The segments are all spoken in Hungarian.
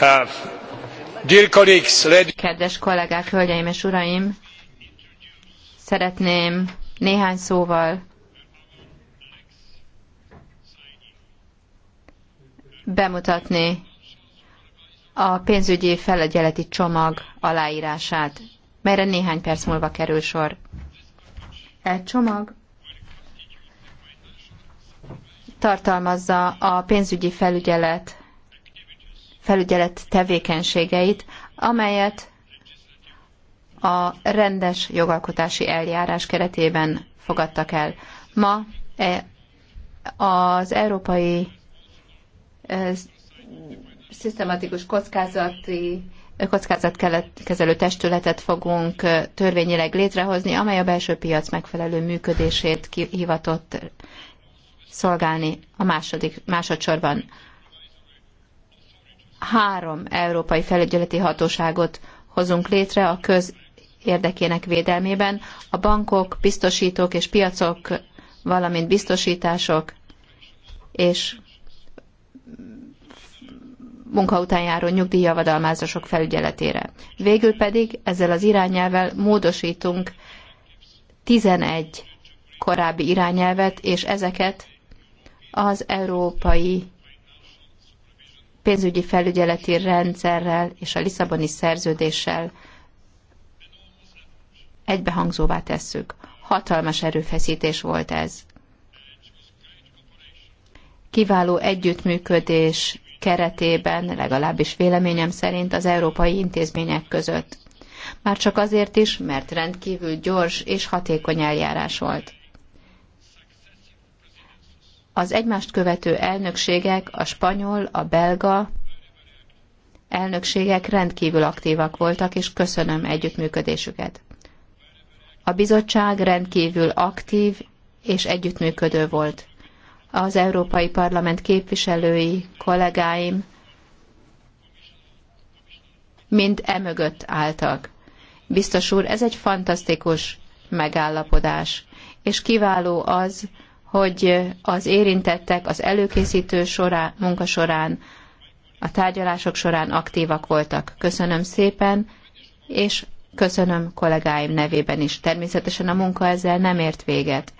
Uh, Kedves kollégák, hölgyeim és uraim, szeretném néhány szóval bemutatni a pénzügyi felegyeleti csomag aláírását, melyre néhány perc múlva kerül sor. E csomag tartalmazza a pénzügyi felügyelet felügyelet tevékenységeit, amelyet a rendes jogalkotási eljárás keretében fogadtak el. Ma e, az európai e, szisztematikus kockázati kockázatkezelő testületet fogunk e, törvényileg létrehozni, amely a belső piac megfelelő működését hivatott szolgálni a második, másodszorban három európai felügyeleti hatóságot hozunk létre a köz érdekének védelmében. A bankok, biztosítók és piacok, valamint biztosítások és munka után járó nyugdíjjavadalmázások felügyeletére. Végül pedig ezzel az irányelvel módosítunk 11 korábbi irányelvet, és ezeket az európai pénzügyi felügyeleti rendszerrel és a Lisszaboni szerződéssel egybehangzóvá tesszük. Hatalmas erőfeszítés volt ez. Kiváló együttműködés keretében, legalábbis véleményem szerint az európai intézmények között. Már csak azért is, mert rendkívül gyors és hatékony eljárás volt az egymást követő elnökségek, a spanyol, a belga elnökségek rendkívül aktívak voltak, és köszönöm együttműködésüket. A bizottság rendkívül aktív és együttműködő volt. Az Európai Parlament képviselői, kollégáim mind emögött álltak. Biztos úr, ez egy fantasztikus megállapodás, és kiváló az, hogy az érintettek az előkészítő során, munka során, a tárgyalások során aktívak voltak. Köszönöm szépen, és köszönöm kollégáim nevében is. Természetesen a munka ezzel nem ért véget.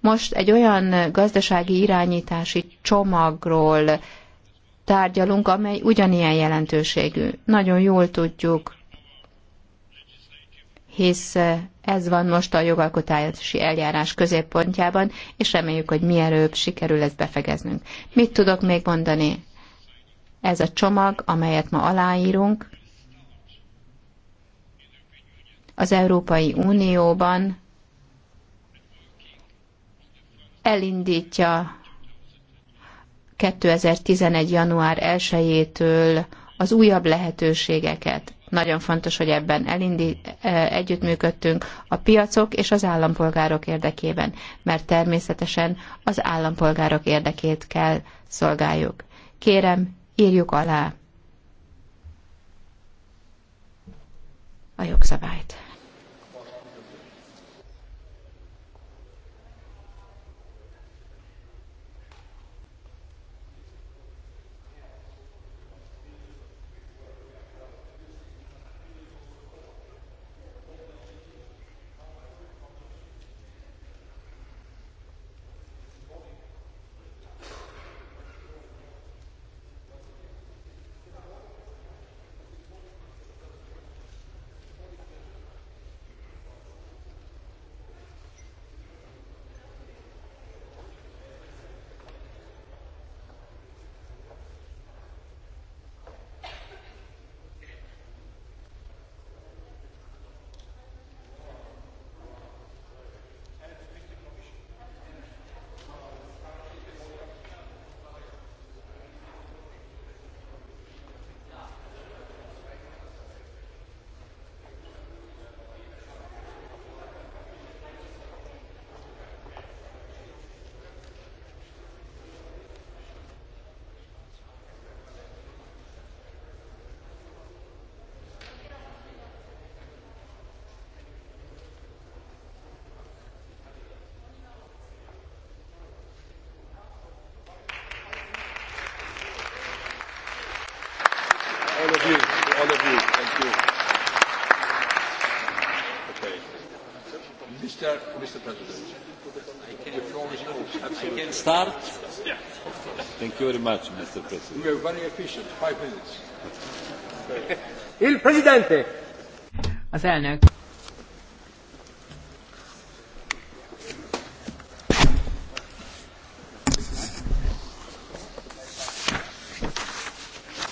Most egy olyan gazdasági irányítási csomagról tárgyalunk, amely ugyanilyen jelentőségű. Nagyon jól tudjuk, hisz eh, ez van most a jogalkotási eljárás középpontjában, és reméljük, hogy mielőbb sikerül ezt befegeznünk. Mit tudok még mondani? Ez a csomag, amelyet ma aláírunk, az Európai Unióban elindítja 2011. január 1-től az újabb lehetőségeket, nagyon fontos, hogy ebben elindi, e, együttműködtünk a piacok és az állampolgárok érdekében, mert természetesen az állampolgárok érdekét kell szolgáljuk. Kérem, írjuk alá a jogszabályt. Thank you. Thank you. Okay. Mr. Mr. President, I can, the floor is yours. I can start. Yeah. Thank you very much, Mr. President. You are very efficient. Five minutes. Il Presidente. Az elnök.